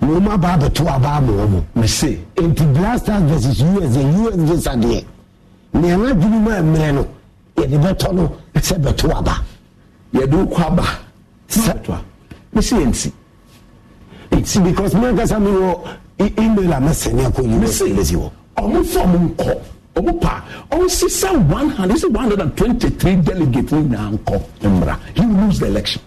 na ɔmo aba abɛto aba ama ɔmo. mese. nti blasters versus us the us visa deɛ nneɛma dwuma mu ɛmɛ no yɛde bɛtɔ no sɛ bɛto aba. yɛde okɔ aba. sɛ bɛto a mese yɛn ti. nti because mi ankasa mi wɔ email a mɛsɛn ne akɔ us embassy wɔ. ɔmo fɔ ɔmo nkɔ ɔmo pa ɔmo sisa one hundred one hundred and twenty three delegates nyinaa nkɔ mmra he will lose the election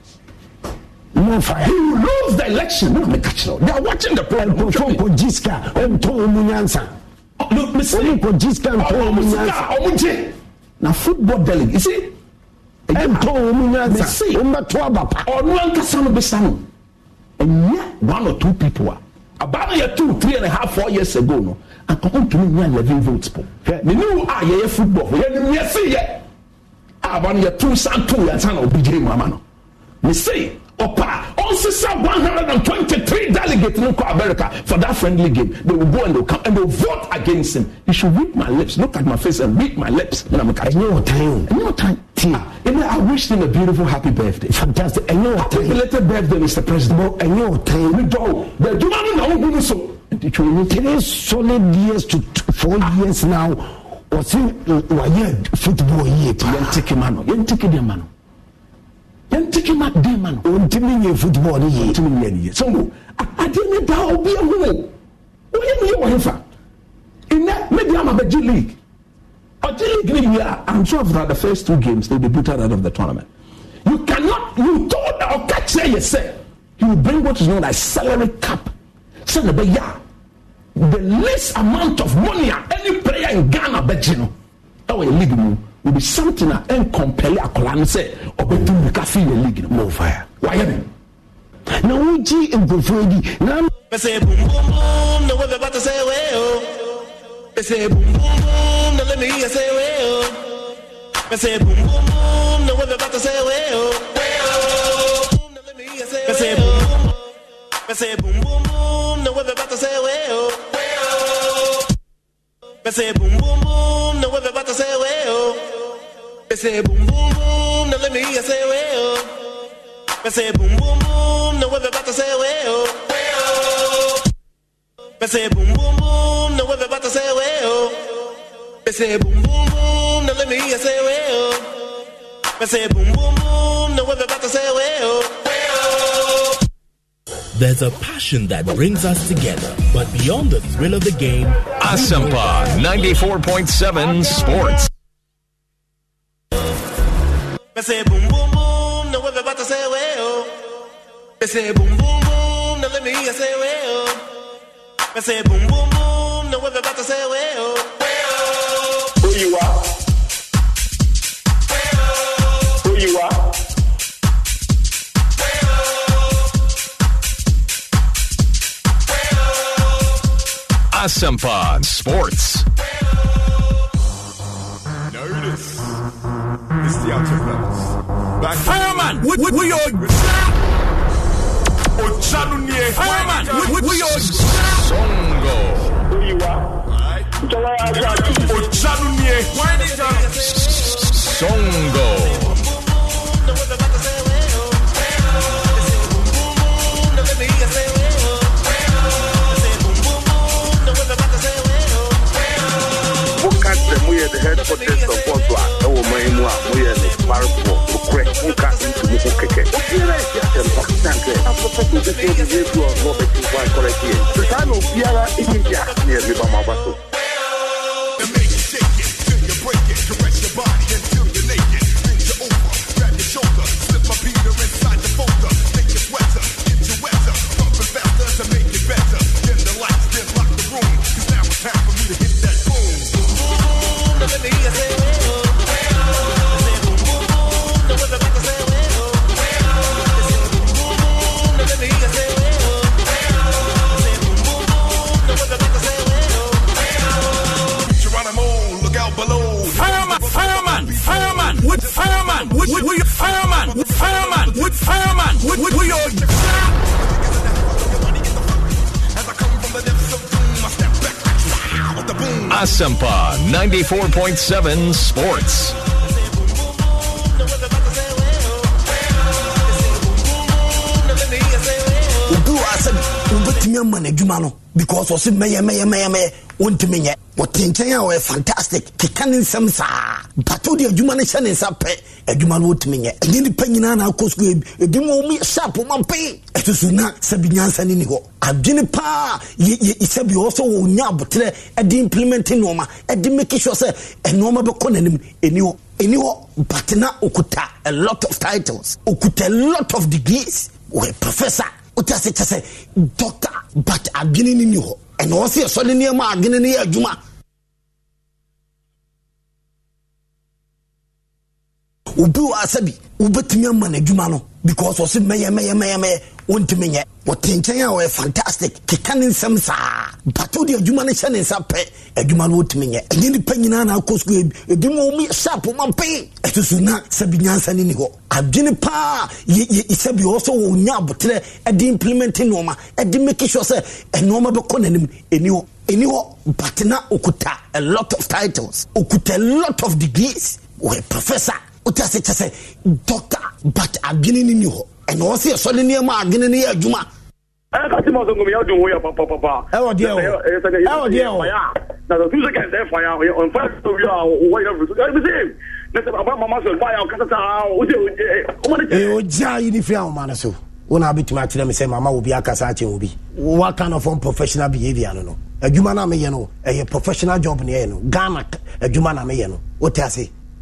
wọn he will lose the election. wọn mi ka kyerɛ they are watching the program. nkɔfɔ nkɔ jiska ɔntɔn ɔmu nyansa. ɔmu nkɔ jiska ntɔn ɔmu nyansa. ɔmu jɛ. na football delegate isi. ɛntɔn ɔmu nyansa. ɔmu bɛ to aba pa. ɔnu ankasa no bɛ sa no. ɛnyɛ one or two people are. about a year two, three and a half, four years ago, no, and come to me and eleven votes po. Me knew ah yeah yeah football, yeah me see yeah. About one year two, san two, and san obi jay mama no. Me see Opa, Onsisa 123 delegates in America for that friendly game. They will go and they'll come and they'll vote against him. You should read my lips. Look at my face and read my lips. And I'm like, I know time. I know time. Ah, I wish him a beautiful happy birthday. Fantastic. I know Happy belated birthday, Mr. President. I know time. We do. The Dumani now will so. Three solid years to four ah. years now. What's in? Uh, Why, football year. Yentiki Mano. Yentiki Mano yɛntiki ma den ma no ɔntimi nyɛ football no yie ɔntimi nyɛ no yie sɛmo adeɛ ne daa obia ho woyɛ ne yɛ wɔ hefa nnɛ mede ama bɛgye league ɔgye league no wie a i'm sure that the first two games they be put out of the tournament you cannot you told ɔka kyerɛ yɛ sɛ he bring what is known as salary cap sɛ ne bɛyɛ the least amount of money a any player in ghana bɛgye no ɛwɔ yɛ league mu ebi something a ɛn kɔmpɛli akɔla no sɛ ɔbɛ tu mirika fi yɛ league no. mo fire. wayɛ mi na wọn jí nkurɔfoɔ yi na. pese bumbum na wẹbẹ bàtà sẹ wẹ o pese bumbum na lẹmi yíyẹ sẹ wẹ o pese bumbum na wẹbẹ bàtà sẹ wẹ o pese bumbum na wẹbẹ bàtà sẹ o. Me say boom boom boom, no wave about to say way oh. say boom boom boom, no let me hear say way oh. say boom boom boom, no wave about to say way oh. Way say boom boom boom, no wave about to say way oh. say boom boom boom, no let me hear say way oh. say boom boom boom, no wave about to say way there's a passion that brings us together. But beyond the thrill of the game, Asampa 94.7 Sports. Say boom boom boom, say way oh. Say boom boom boom, let me hear say way oh. Say boom boom boom, say way oh. Way oh. Who you are? Way oh. Who you are? Awesome Pod Sports. Notice. It's the outer fellas. Back Fireman, we, we, we are... Fireman, we, we are... Songo. Who you are? Songo. yɛ the head protest of force a ɛwɔ man mu a moyɛ no parefoɔ nokorɛ nka ntumu ho kɛkɛ asɛmpasankɛ afɔfɛsɛ obɛsɛ obɛsɛ bi ɔ na ɔbɛkyi hɔ akɔrɛ kyeɛ saa na obiara ɛnyɛ gya ne yɛde ba ma aba so Four point seven Sports. wobɛtumi ama no adwuma no because ɔse mɛyɛ mɛyɛ mɛyɛ mɛyɛ wɔntumi nyɛ wɔte nkyɛn a ɔyɛ fantastic keka ne nsɛm saa mpato de adwuma no hyɛ ne nsa pɛ adwuma no wɔtumi nyɛ ɛnyɛ nipa nyinaa na akɔ sukuu ebi mu wɔn sharp wɔn mpɛn ɛsoso na sɛbi nyansa ne ni hɔ adwene paa yɛ yɛ sɛbi ɔwɔ sɛ wɔn nya abotire ɛde implement nneɛma ɛde make sure sɛ nneɛma bɛkɔ n'anim ɛni hɔ ɛni hɔ but na okuta a lot of titles okuta a lot of degrees wɔyɛ professor wote ase kyɛ sɛ dɔkta but adwene no ni hɔ ɛna wɔ sɛ yɛsɔde nneɛma adwene no yɛ adwuma obi wɔ asɛ bi wobɛtumi ama no adwuma no because ɔse mɛyɛ mɛyɛ mɛyɛ mɛyɛ wontumi nyɛ wɔte nkyɛn a wɔyɛ fantastic keka ne nsɛm saa mpato de adwuma no hyɛ ne nsa pɛ adwuma no wɔtumi nyɛ ɛnyɛ nipa nyinaa na akɔ sukuu ebi mu wɔn sharp ma pɛn ɛso so na sɛbi nyansa ne ni hɔ adwene paa yɛ yɛ sɛbi ɔwɔ so wɔn nya abotire ɛde implement nneɛma ɛde make sure sɛ nneɛma bɛkɔ n'anim ɛni hɔ ɛni hɔ batena okuta a lot of titles okuta a lot of degrees wɔyɛ professor wotasɛ kyɛ sɛ doctor but adwene ne ni hɔ ɛna ɔsi ɛsɔli nneɛma agene ne yɛ adwuma. ɛ kasi ma sɔn nkɔmi yadu wo yɛ papapapa. ɛwɔ diɛ o ɛwɔ diɛ o. na sɔ tusu kɛntɛ fa ya o nfa to wi a o wa yɛrɛ fusu ɛbi se ne sɛ papa mama sɔrɔ ba ya o kasa taa o se o jɛ o ma ne jɛ. ee o jaa yi ni fi ahun ma so wọn a bɛ tuma akyerɛ mi sɛ mama obi akasa akyɛ obi wa kind of unprofessional behaviour no no na mi yɛ no professional job ni ɛyɛ no ghana na mi yɛ no o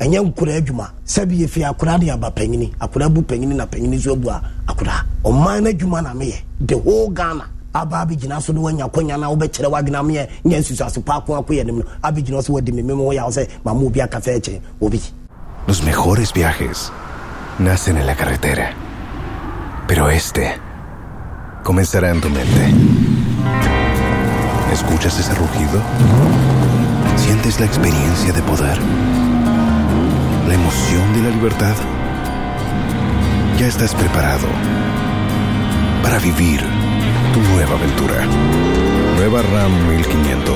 ɛnyɛ nkura adwuma sɛbi efi akura de aba panyini akura bu panyini na panyini nso abu akura ɔman n'adwuma na meyɛ the whole ghana aba abegyina so ne wanya akwanya na wobɛkyerɛ wadwena meyɛ nyɛ nsusuase paako akoyɛ nim no abegyina so wadi me memo woyɛ wo sɛ mama obi aka sɛ obi Los mejores viajes nacen en la carretera, pero este comenzará en tu mente. ¿Escuchas ese rugido? ¿Sientes la experiencia de poder? la emoción de la libertad? Ya estás preparado para vivir tu nueva aventura. Nueva RAM 1500.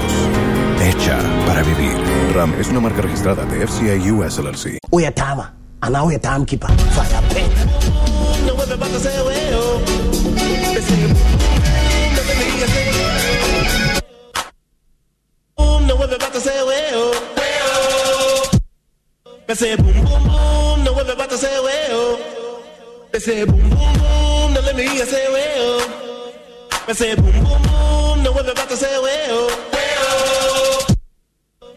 Hecha para vivir. RAM es una marca registrada de FCI US LLC. Ana kipa. They say boom boom boom, no way about to say well. say boom boom boom, no let me hear say well. They say boom boom boom, no way about to say well.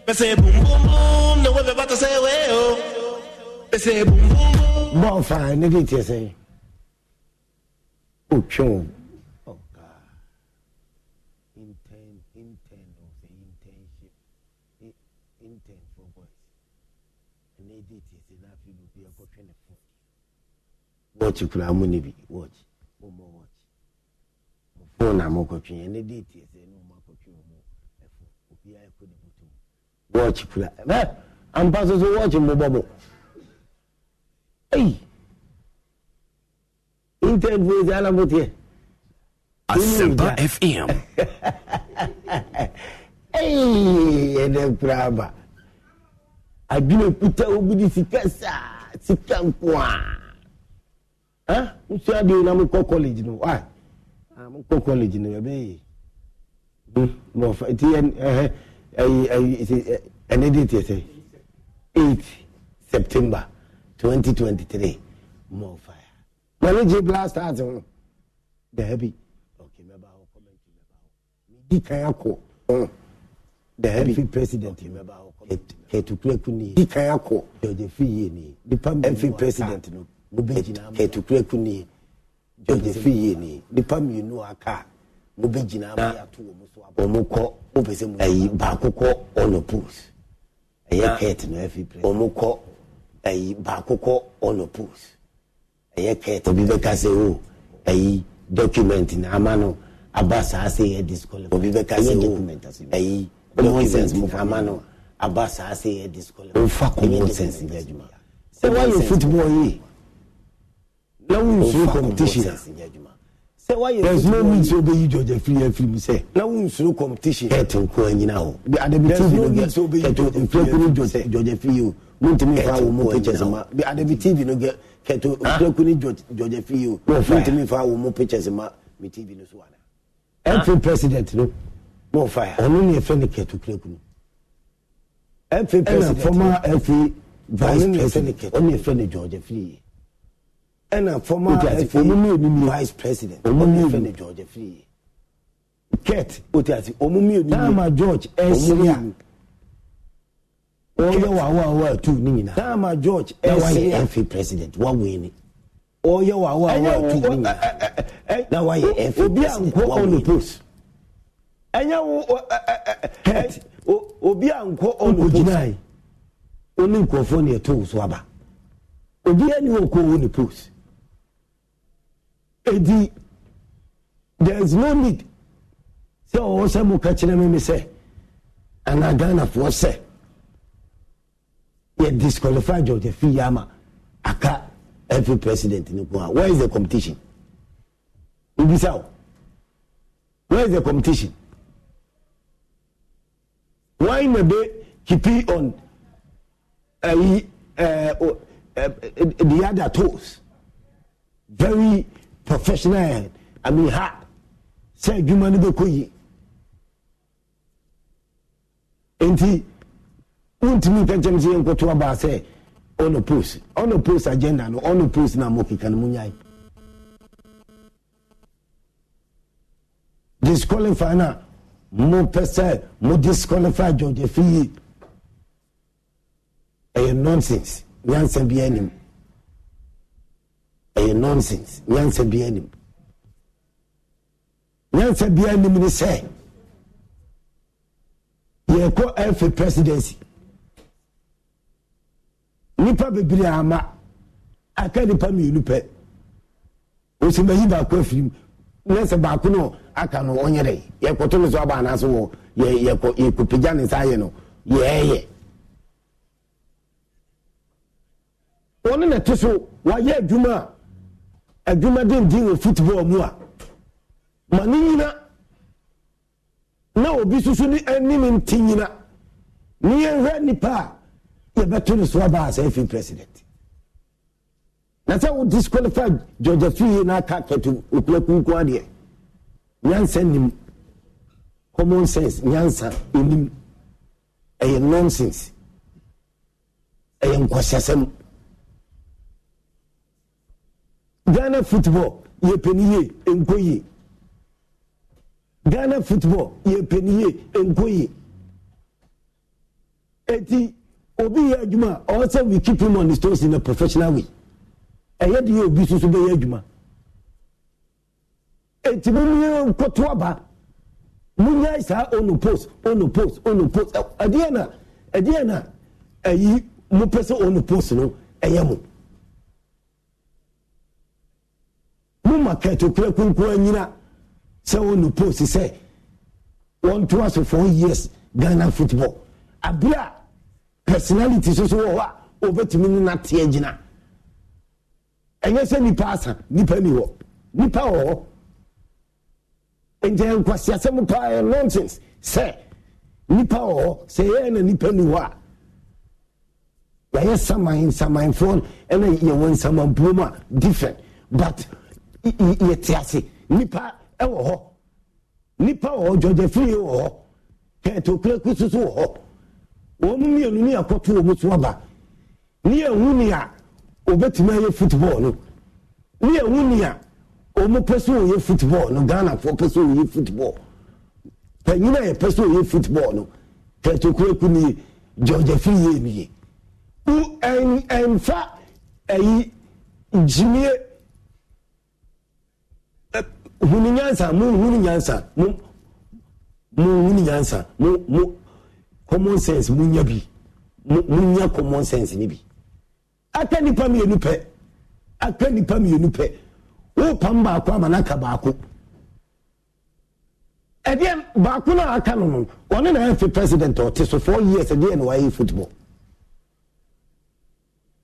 They say boom boom boom, no way about to say well. They say boom boom boom. Bonfire, nigga, you say. Oh, chum. na ɛdi tiɛsɛ na afei bi obi ɛkɔhwɛ ne fo wɔɔkye koraa mu ne bi wɔɔkye mɔmɔ wɔɔkye mo fon na mɔkɔtwe ɛne di tiɛsɛ ne mo akɔtwe mo ɛfo obi ayɛkɔ ne bɔtɔ mu wɔɔkye koraa ɛ ampa soso wɔɔkye mo bɔbɔ ɛyi intanet wo ɛdi ala mo tiɛ. Asempa FM. ɛyi ɛdɛ kura aba adwene kuta obi di sika saa sika nkoa ha nso adeɛ na mokɔ college no a ah, mokɔ college no ɛbɛyɛ na ɔfa ti ɛhɛ ɛyi ɛyi ɛne de tiɛ sɛ eight september twenty twenty three ma ɔfa ya na ne gye blasters ho daabi ɔkè mɛba hɔ kɔmɛnti mɛba hɔ di kan akɔ hmm. daabi president mɛba hɔ kɔmɛnti hetukuraku ni yikan akɔ george fiye ni mp president no hetukuraku ni george fiye ni nipa mmienu aka mo bɛ gyina ama yato wɔn so abɔ wɔn kɔ mo pɛ sɛ mo ayi baako kɔ ɔnɔ post ɛyɛ kɛɛt no mp president wɔn kɔ ayi baako kɔ ɔnɔ post ɛyɛ kɛɛt obi bɛ kasa o ayi document na ama no aba saa se yɛ disqualify obi bɛ kasa o ayi document na ama no aba saa se yɛ disqualify. o fa common sense yɛ adwuma sɛ wayɛ football yi na wo nsoro competition sɛ wayɛ there is no need sɛ obeyi george firi afiri mu sɛ na wo nsoro competition ɛ te nko anyina o adabiti bi no get kɛto nfirakunu george firi o mo ntumi fa wo mo pictures ma adabiti bi no get kɛto nfirakunu george firi o mo ntumi fa wo mo pictures ma mi tv no so ana. ɛnfin president no. mo ɛna former fa vice president ɔne efɛ ne george afiri ɛna former fa vice president ɔne efɛ ne george afiri kɛt o ti a ti ɔmu mienu taama george ɛsiria ɔyɛ wawawa tu ne nyinaa taama george ɛsiria na wayɛ fa president wawe ni ɔyɛ wa tu ne nyinaa na wayɛ fa president wawe ni ɛnyɛ wo ɛɛ ɛɛ obi a nkɔ ɔno gyinae ɔne nkurɔfoɔ ne ɛtoo so aba obiara ni ɔkɔ wɔ post edi there is no need sɛ ɔwɔ sɛ mo ka kyerɛ me me sɛ anaa ghanafoɔ sɛ yɛ disqualify george afi ama aka every president ne ko a where is the competition obisa o where is the competition why na be keeping on uh, uh, uh, the other toes very professional i mean hard sɛ adwuma no bɛkɔ yi nti wontumi nka nkyɛm sɛ yɛnkɔto abaa sɛ ɔno post ɔno post agenda no ɔno post no a mɔkeka no munyae disqualify no a mopɛ sɛ mo disqualify george afiyi ɛyɛ nonsense nyansa bi anim ɛyɛ nonsense nyansa bi anim nyansa bi anim ne sɛ yɛkɔ ɛfɛ presidency nipa bebree ama aka nipa mmienu pɛ osimayi baako afiri mu ne baako no aka no ɔnyɛ dɛ yɛkɔto no so aba anaasɛ wɔ yɛkɔpagya ne saa yɛ no yɛɛyɛ wɔne na te so wayɛ adwuma a adwuma de ndin wɔ football mu a ma ne nyina na obi soso ne anim nte nyina ne yɛhwɛ nnipa a yɛbɛto no so aba a sɛ president na sɛ wo disqualify georgia fie no aka kɛto okulakunku adeɛ nyansa nim common sense nyansa onim ɛyɛ nonsense ɛyɛ nkɔhyɛsɛm ghana football yɛpɛni yie nkɔ ghana football yɛpɛni yie nkɔ eti obi yɛ adwuma a ɔwɔ sɛ we keep him on his toes in a professional way ɛyɛ deɛ obi soso bɛyɛ adwuma eti mo mu nkoto aba mo nya saa ono post ono post ono post ɛdeɛ e, na ɛdeɛ na ɛyi mo pɛ sɛ ono post no ɛyɛ mo mo ma kɛtɛkura kunkun anyina sɛ ono post sɛ wɔn to aso four years ghana football abira personality soso wɔ hɔ a obetumi nina teɛ gyina ɛnyɛ sɛ nipa asa nipa ni hɔ nipa wɔ hɔ nkyɛn nkwasi asɛm paa yɛ nonsense sɛ nipa wɔ hɔ sɛ yɛn na nipa ni hɔ a yɛyɛ saman samanfoɔ ɛna yɛwɔ nsamanbuo mu a different but yɛte ase nipa ɛwɔ hɔ nipa wɔ hɔ jɔjɛ firi wɔ hɔ kɛntɛ okuraku soso wɔ hɔ wɔn mu mmienu ni akɔto wɔn so aba ne yɛn ni a obetumi ayɛ football no ne ɛhu ni a ɔmo pɛ so ɔyɛ football no ghana fo pɛ so ɔyɛ football panyin a yɛpɛ so ɔyɛ football no kɛtɛkura ku ni george afiri yɛ ebie u ɛn ɛnfa ɛyi gyimie ɛ huni nyansa mu huni nyansa mu mu huni nyansa mu mu common sense mu nya bi mu mu nya common sense ni bi. aka nipa mmienu pɛ aka nipa mmienu pɛ wopam baako ama n'aka baako ɛdeɛ baako no aka no no ɔne na ɛfi president a ɔte so four years ɛdeɛ na wayɛ football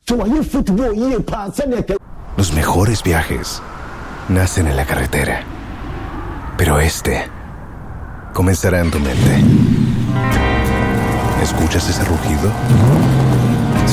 so wayɛ football yie paa sɛdeɛ ka. los mejores viajes nacen en la carretera pero este comenzará en tu mente escuchas ese rugido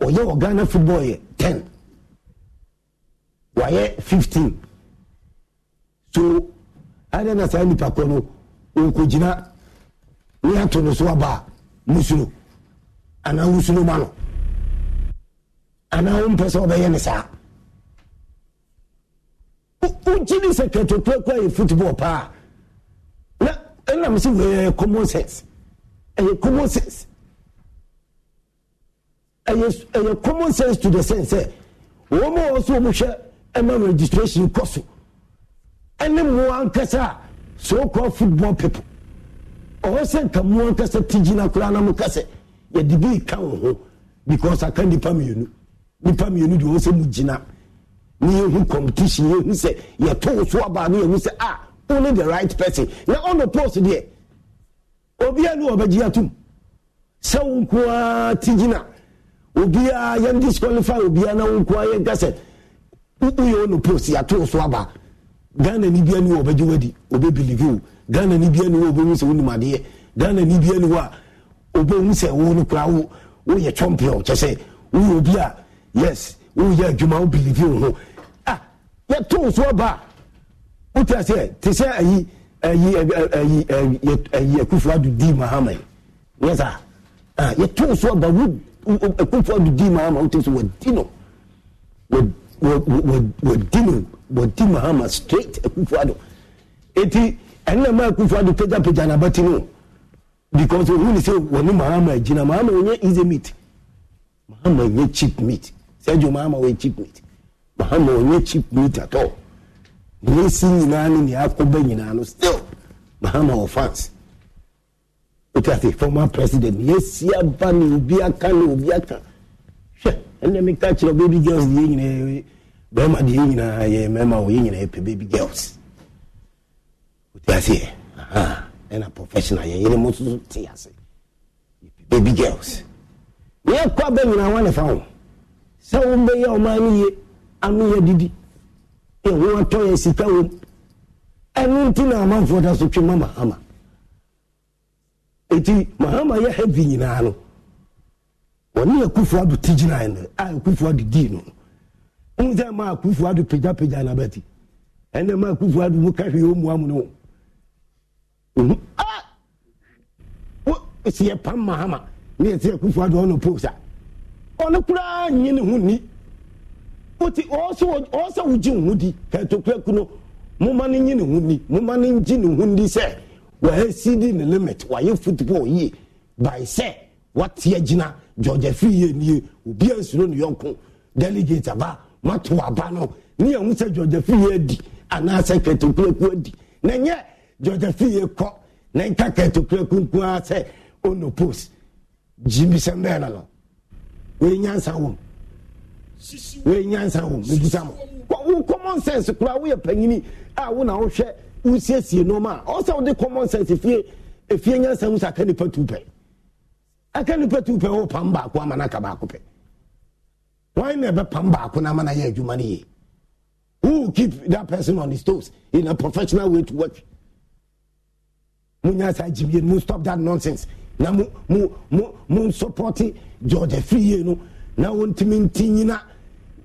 ɔyɛ wɔ ghana football yɛ ten wayɛ fifteen so ada na saa nipa kɔ no nkogyina ne ato ne so aba a musuno anaa wusuno ma no anaa wompɛ sɛ wɔbɛyɛ ne saa wogyini sɛ twɛtwɛtwɛkɔ yɛ football paa na ɛnam sɛ wɛɛ common sense ɛyɛ common sense ɛyɛ ɛyɛ common sense to the sense sɛ wɔn a wɔn so wɔn hwɛ ɛma registration kɔ so ɛne mu ankasa so called football people ɔwɔ sɛ nka mu ankasa ti gyina koraa na mu kasɛ yɛde bi ka wɔn ho because aka nipa mmienu nipa mmienu deɛ wɔn sɛ mu gyina ne yɛhu competition yɛhu sɛ yɛto so aba ne yɛhu sɛ ah only the right person na on the post deɛ obiara ne wɔbɛgye atum sɛ wo nkoa ti gyina obiara yɛn disqualify obiara na wɔn nkoa yɛn kasɛ woyɛ wɔn no post yɛato so aba ghana ni bia ni wɔ ɔbɛgye wadi ɔbɛ bilivi o ghana ni bia ni wɔ ɔbɛhu sɛ wonim adeɛ ghana ni bia ni wɔ a ɔbɛhu sɛ wo no kora wo woyɛ champion kyɛ sɛ woyɛ obi a yes woyɛ adwuma wo bilivi wo ho ah yɛto so aba a wote aseɛ te sɛ ayi ayi ayi ayi ayi akufo ado di mahama yi yɛ saa ah yɛto so aba wo akufo ado di mahama wote so wadi no wadi no wadi mahama straight akufo ado eti ɛnna mmaa akufo ado pagyapagya n'abati no because ohun ni sɛ wɔne mahama gyina mahama wɔnyɛ easy meat mahama nyɛ cheap meat sɛgyo mahama wɔyɛ cheap meat mahama wɔnyɛ cheap meat at all ne si nyinaa ne nea akɔba nyinaa no still mahama wɔ fans wote ase former president yɛsi aba ne obi aka ne obi aka hwɛ ɛnɛ meka kyerɛ baby girls deɛ nyinaa bɛrima deɛ nyinaa yɛ e mmarima wɔ yɛ nyinaa e yɛpɛ baby girls wote aseɛ ɛna professional e yɛyɛ ni mo nso te ase yɛpɛ baby girls yɛkɔ abɛ nyinaa wane fa ho sɛ wombɛyɛ ɔma no ye ano yɛ didi ɛho atɔ yɛ sika wom ɛno nti na amanfoɔ da so twe mama ama Eti mahama yɛ heavy nyinaa no wɔne akufo ado ti gyinae no a akufo ado dii no wohu sɛ ma akufo ado pagyapagya nabati ɛnɛ ma akufo ado mu ka hwee ɔmmua mu no ohu a si pam mahama ne yɛsɛ akufo ado ɔno pos a ɔno koraa nye ne ho ni wote ɔsɛ wogye wo ho di ka ɛtokura ku no moma no nye ne ho ni moma no ngye ne ho ni sɛ wɔyɛ cd ne limit wɔyɛ football yie by sɛ wɔte agyina georgia firi yie nie obi ansuro ne yɔnko delegate aba mato aba no ne yɛn ho sɛ georgia firi yie adi anaasɛ kɛtɛkuraku adi na nyɛ georgia firi yie kɔ na nka kɛtɛkuraku nko ara sɛ ono post jimisɛn bɛɛ na no wɔyɛ nyansa wɔm wɔyɛ nyansa wɔm ne bisa mo wɔn common sense kura wɔyɛ panyini a wɔn na wɔhwɛ wosiesie nneɛma a ɔsɛ wode common sense efie efie nyansa wusa aka nipa tu pɛ aka nipa tu pɛ wɔpam baako ama n'aka baako pɛ wɔn na ɛbɛpam baako na na yɛ adwuma no yie who keep that person on his toes in a professional way to work mo nyansa jibie mo stop that nonsense na mo mo mo mo support george efiriye no na wɔn ntumi nti nyina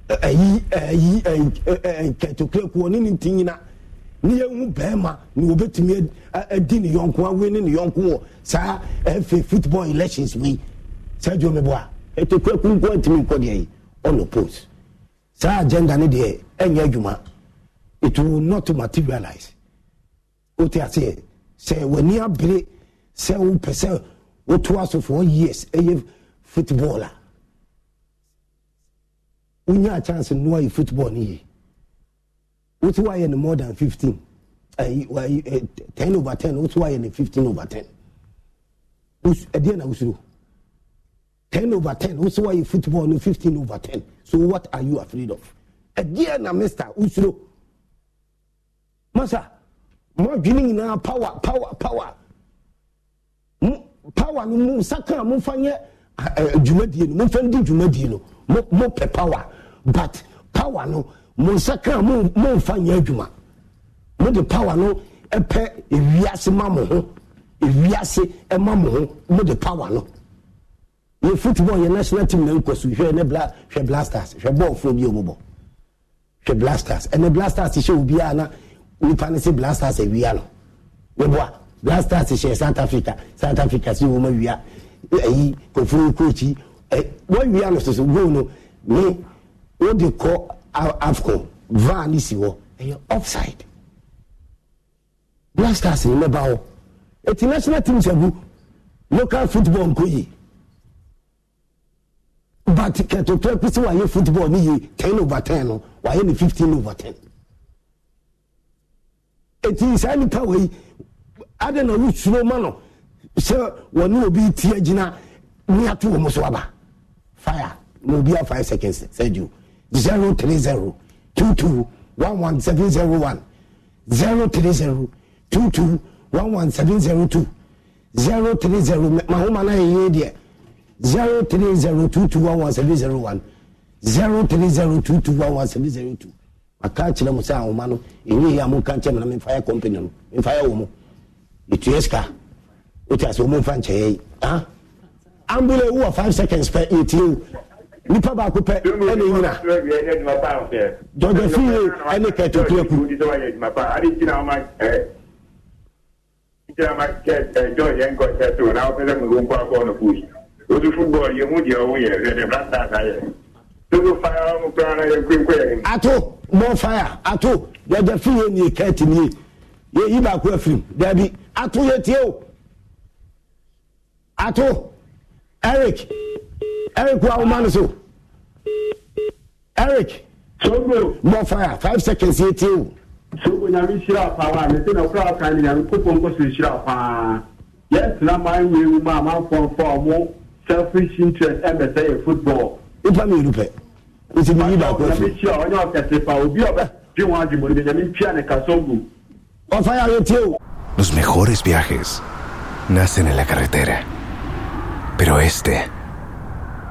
ɛyi ɛyi ɛyi ɛyi ne ne ne yɛhu bɛrima ne wɔbɛtumi adi ne yɔnko awe ne ne yɔnko wɔ saa ɛfɛ football elections wei saa dwom bɔ a ɛtɛkura kurukuru ntumi nkɔ deɛ yi ɔno post saa agenda ne deɛ ɛnyɛ adwuma it will not materialize o ti aseɛ sɛ w'ani abere sɛ o pɛ sɛ o to aso for years ɛyɛ football a wonya a chance noa yi football ne yie wotu ayɛ no more than fifteen ayi eh, wayi eh, ten over ten wotu ayɛ no fifteen over ten ɛdeɛ eh, na wosoro ten over ten wotu ayɛ football no fifteen over ten so what are you afraid of ɛdeɛ na mister wosoro masa mo adwene nyinaa power power power mo power no mo saka mo fa nyɛ dwumadie no mo fa ndi dwumadie no mo mo pɛ power but power no mo nsa kan mo mfa nyɛ adwuma mo de power no pɛ ewiase ma mo ho ewiase ma mo ho mo de power no yɛ football yɛ national team na nkɔ so hwɛ ne bla hwɛ blasters hwɛ bɔɔl fo bi a wɔbɔ hwɛ blasters ɛnɛ blasters hyɛ obiara na nipa ne se blasters awia no wɔbɔ a blasters hyɛ south africa south africa si wɔn awia ɛyi kofuru kookyi ɛ wɔn awia no soso goal no ne wɔde kɔ afcon van ne si hɔ ɛyɛ upside. blasters ne mɛba hɔ eti national team sɛbu local football nko yi but kɛtɔtɔ pisi wayɛ football ne yie ten over ten no wayɛ ne fifteen over ten eti saa nipa wɔ yi adi na wusuro ma no sɛ wɔne obi tie gyina ne ato wɔn so aba fire na obi a five seconds sɛ ju. Se zero three zero two two one one seven zero one zero three zero two two one one seven zero two zero three zero mahoma náà yẹ deɛ zero three zero two two one one seven zero one zero three zero two two one one seven zero two aka kyerɛ mu sɛ ahoma no ɛnyɛ yɛ a monka nkyɛ mena memfa yɛ company no memfa yɛ wo mu ɛtua sika wotia sɛ wɔmomfa nkyɛeɛ yi ah? ambulɛ wowɔ five seconds pɛ yɛtie wo nipa baako pɛ ɛna nyina dɔdɔ fiye ɛne kɛtɛ tuyaku. Ìjọba ẹjọ́ yẹn ń kọ́ ṣẹ́ tó náà ó fẹ́ sẹ́mi ló ń kọ́ akọ́ ọ̀nà fún yìí. Ojú fútbọ̀ọ̀lù yẹn mú jẹ́ owó yẹn rẹ̀ dẹ̀ bá ń ta àtàyẹ̀. ato bɔ fire ato yɛgya fi yɛ nie kɛɛte nie yɛyi baako afirim daabi ato yɛ tie o ato eric Eric, wa o ma no so. Eric. Sogo. Mbɔ fire five seconds yɛ tie o. Sogo nyame hyira paa wa ne sɛ na ɔkura ɔka ne nyame kopɔ nkɔ so hyira paa. Yɛn tena man wei mu ma amanfoɔ mfa ɔmo selfish interest ɛbɛ sɛ yɛ football. Nipa mmienu pɛ. Nti mi yi baako afi. Nyame hyira ɔnyɛ ɔkɛse pa obi ɔbɛ dwi wɔn adi mo ne nyame ntua ne ka sogo. Mbɔ fire yɛ tie o. Los mejores viajes nacen en la carretera. Pero este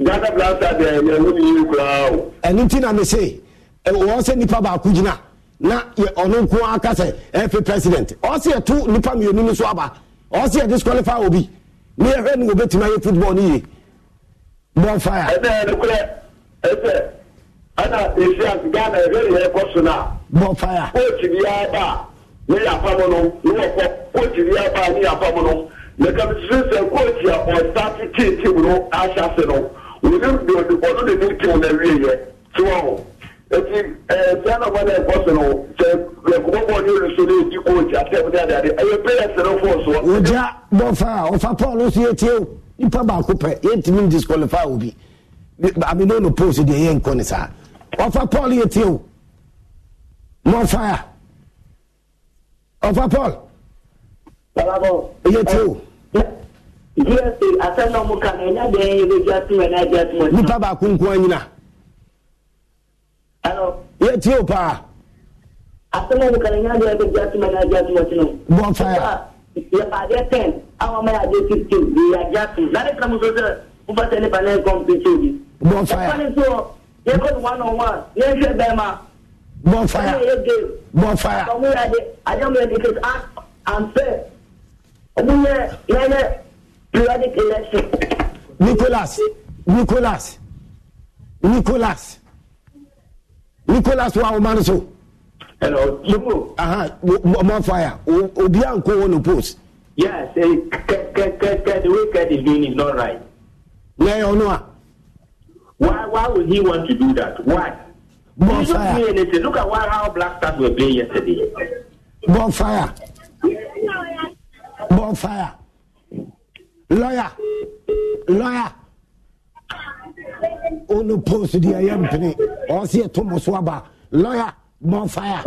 ghana blasta deɛ yɛho ne yie koraa o ɛno nti na me se wɔn sɛ nnipa baako gyina na ɔno nko aka sɛ ɛfe president ɔsɛ yɛto nnipa mmienu no so aba ɔsɛ yɛ disqualify obi ne yɛhwɛ ne wɔbɛtumi ayɛ football no yie bɔmfire ɛnɛ nokorɛ ɛsɛ ɛna ɛsias ghana ɛhwɛ ne yɛkɔ so no a bɔmfire koakyi biara ba a ne yɛ apam no ne wɔkɔ koakyi biara ba a ne yɛ apam no na kamisirin sɛ koakyi a ɔstarte tee tim no ahyɛ ase no wòlíì bi ọdún ọdún de ní kí wọn náà wíyẹ yẹ tí wọn hù eti ẹẹ sẹ ẹna wọn náà ẹkọ sọ no sẹ lẹkọọ bọ ní olùsọ ní èjì kóòtù àti ẹmu ní adé adé ẹyẹ pẹlẹsì ní fọ sọ. ọjà bọfà ọfà paul ọsọ yẹ tiẹ o nípa baako pẹ yẹn ti mi disqualify obi àmì ní olùpọ̀ di ẹyẹ nkọ ni sáà ọfà paul yẹ tiẹ o mọfà ọfà paul. ẹyẹ tiẹ usa asɛm na ɔmo ka no ɛnya deɛ yɛ bɛgye atom ɛna agye atom nipa baako nko anyina hello yɛ tie o paa asɛm na ɔmo ka no ɛnya deɛ yɛ bɛgye atom ɛna agye atom ɛna bɔ faya yɛ pa adeɛ ten awa ma yɛ adeɛ fifteen de yɛ agye atom na ne kram so sɛ nipa na yɛ kɔm pe so bi bɔ faya ɛfa so yɛ kɔ no one on one yɛ nhwɛ bɛrima bɔ faya bɔ faya ɔmo yɛ adeɛ adeɛ mo yɛ de kɛ ah i'm fair ɔmo yɛ periodic election. nicholas nicholas nicholas nicholas wa ọmọ ní so. hello jimbo. ọmọ fire obi à ń kó wọn ní post. yes eh, the way Ked is doing is not right. lẹ́yìn ọ̀nù à. why why would he want to do that why. bonfire you anything look at why how black stars were playing yesterday. bonfire bonfire lɔya lɔya ono post di ɛyɛ mpene ɔsi ɛto mo so aba lɔya bɔn fire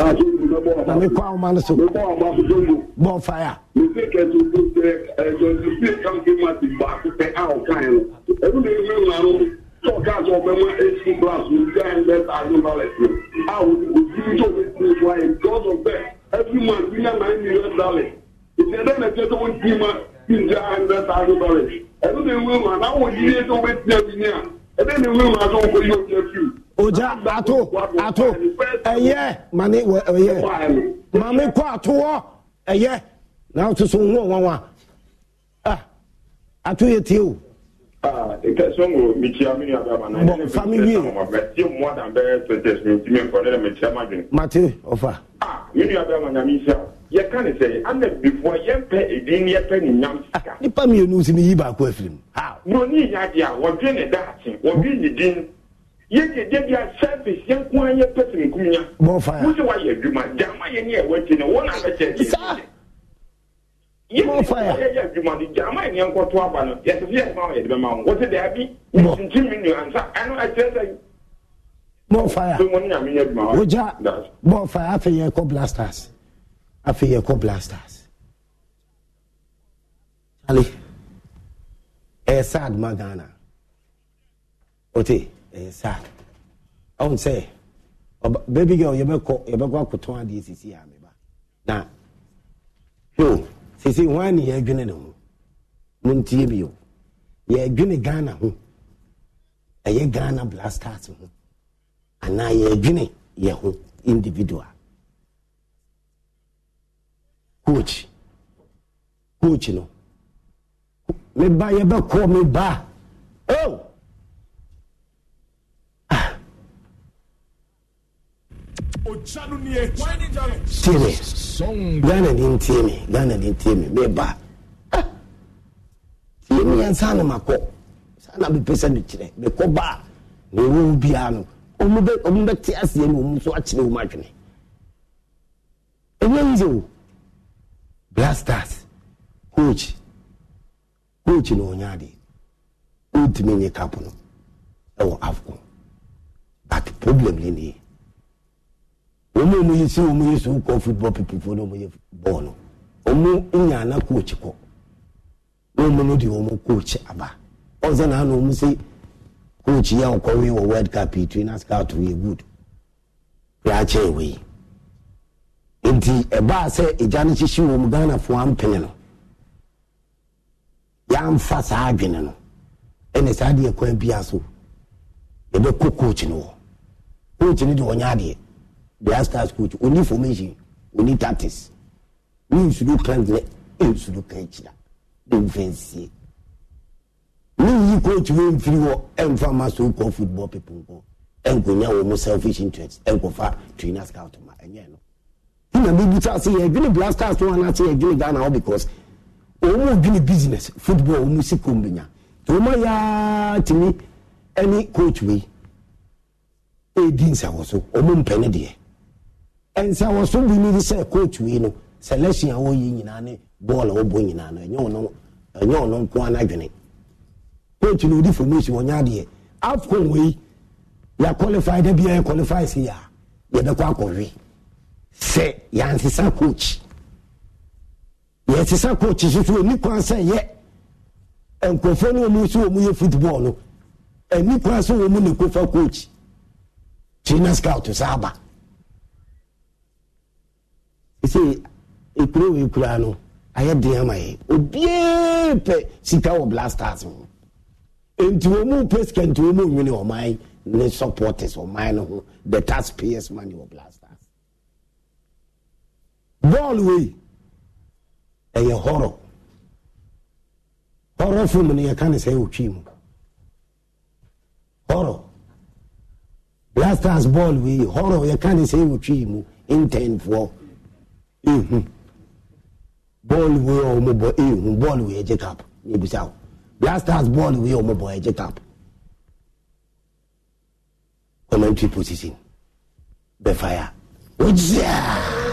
na àwọn ma no so bɔn fire. mesi tó tẹ ẹjọ ti kankan ma ti baako pẹ a ò yẹn lọ ẹnu mi mi nà ló tó káàsì ọbẹ mọ eighty glass ní ten hundred thousand dollars a ò ojú tó fi ti fọ ayé because of that every month we get nine million ìṣẹ̀dá ẹ̀ bí n jẹ́ hundred thousand dollars ẹ̀rú mi wí mu àná wò yíyé tó wé tiẹ̀ mi ní à ẹ̀dá mi wí mu àtọ́ nkọ́ yóò jẹ́ fi. ọjà àtò àtò ẹ̀yẹ màní wọ ẹ̀yẹ màmí kọ́ àtò wọ ẹ̀yẹ náà tó so nwó wọn wa àtò yẹ tiẹ̀ o. nkẹsàn wo mi fami wíyẹ tí o mú àdàbẹ́ twenty twenty mi nkọ́ yɛka ne sɛ ana before yɛmpɛ edin yɛpɛ ne nyam ah, sika. nipa mmienu si ni yi baako afiri mu. na oni yi adi a wɔdwe ne daakye wɔdwe ne din yɛde de bi a service yɛn ko an yɛ pɛsɛ nkunya. bɔnfaya mo se wa yɛ adwuma jama yɛ ni ɛwɔ akyi na wɔn abɛ kyɛ kyɛ. saa bɔnfaya yɛ yɛ adwuma no jama yɛ ni yɛn kɔtɔ aba no yɛsɛ fi yɛsɛ ma yɛ de bɛ ma wɔn wɔsi de abi ntintin mi nua nsa ɛnu ɛkyerɛ sɛ. bɔnfaya o ja bɔnfaya afɛ yɛ kɔ blasters afei yɛkɔ blasters ale eh, ɛyɛ sad ma ghana ote ɛyɛ eh, sad ɔn sɛ ɔba baby girl yɛbɛkɔ yɛbɛkɔ akotɔn adeɛ sisi a meba na yo sisi wɔn ani yɛdwene ne ho mo ntie bi o yɛdwene ghana ho ɛyɛ eh, ghana blasters ho anaa yɛdwene yɛ ho individual coach coach no me ba yɛ bɛ kɔ me ba oh ah. tie me ghana de ntie me ghana de ntie me me ba ah. tie me yɛnsa na makɔ saa na mepɛ sɛ no kyerɛ mekɔ ba na ɛwɔ biara no ɔmo bɛte aseɛ ne ɔmo nso akyerɛ ɔmo adwene ɛnyɛ yize o blasters koochi koochi na onyadi otimenye kapụnụ ɛwɔ afcon but problem ni nìyí wọn mu yi si wọn yi sùn kọ football people fún wọn yẹ bọọlù wọn mu nyana coach kọ wọn mu no di wọn coach aba ọsàn náà wọn mu coach ọkọ wi world cup yi na scout wi good nti ɛbaa sɛ ɛgya no kyekye wɔ mu ghanafoɔ ampene no yɛamfa saa adwene no ɛne saa deɛ kwan bia so yɛbɛkɔ coach no wɔ coach no deɛ ɔnyɛ adeɛ black stars coach ɔni formation ɔni tactics ne nsuro kan kyerɛ nsuro kan kyerɛ ne nfɛn ne yi coach wei mfiri hɔ ɛnfa ma so kɔ football people nkɔ ɛnkonya wɔn selfish interest ɛnkɔfa trainer scout ma ɛnyɛ no ghana bɛbu ta sɛ yɛdwene blasters no anaasɛ yɛdwene ghana hɔ because ɔwɔ mu dwene business football ɔwɔ mu si kom benya nti ɔma yaa tumi ɛne coach wei ɛdi nsawɔ so ɔmo mpɛ deɛ nsawɔ bi ne sɛ coach wei no selection a wɔyɛ nyinaa ne bɔɔl a wɔbɔ nyinaa no ɛnyɛ ɔno ɛnyɛ ɔno nko ara coach no odi formation ɔnyɛ adeɛ afcon wei yɛ qualify dɛ yɛ qualify si yɛ a yɛbɛkɔ akɔwe sɛ yɛansesa coach yɛsesa coach soso ɛni kwan sɛ yɛ nkurɔfoɔ no ɔmu so ɔmu yɛ football no ɛni kwan sɛ ɔmu ne kofa coach trainer scout saa aba ɛsɛ ekura wɔ ekura no ayɛ den ama yɛ obiara pɛ sika wɔ blasters ho nti wɔn mu pɛ sika nti wɔn mu nwene ɔman ne supporters ɔman no ho the taxpayers money wɔ blasters bɔɔl wei ɛyɛ hɔrɔ hɔrɔ film no yɛka ne sɛ ɔtwii mu hɔrɔ blasters bɔɔl wei hɔrɔ yɛka ne sɛ ɔtwii mu intɛnfoɔ ɛhu bɔɔl wei a ɔmo bɔ ɛhu bɔɔl wei ɛgye cap na ebisa blasters bɔɔl wei a ɔmo bɔ ɛgye cap commentary position bɛfa ya wogyia.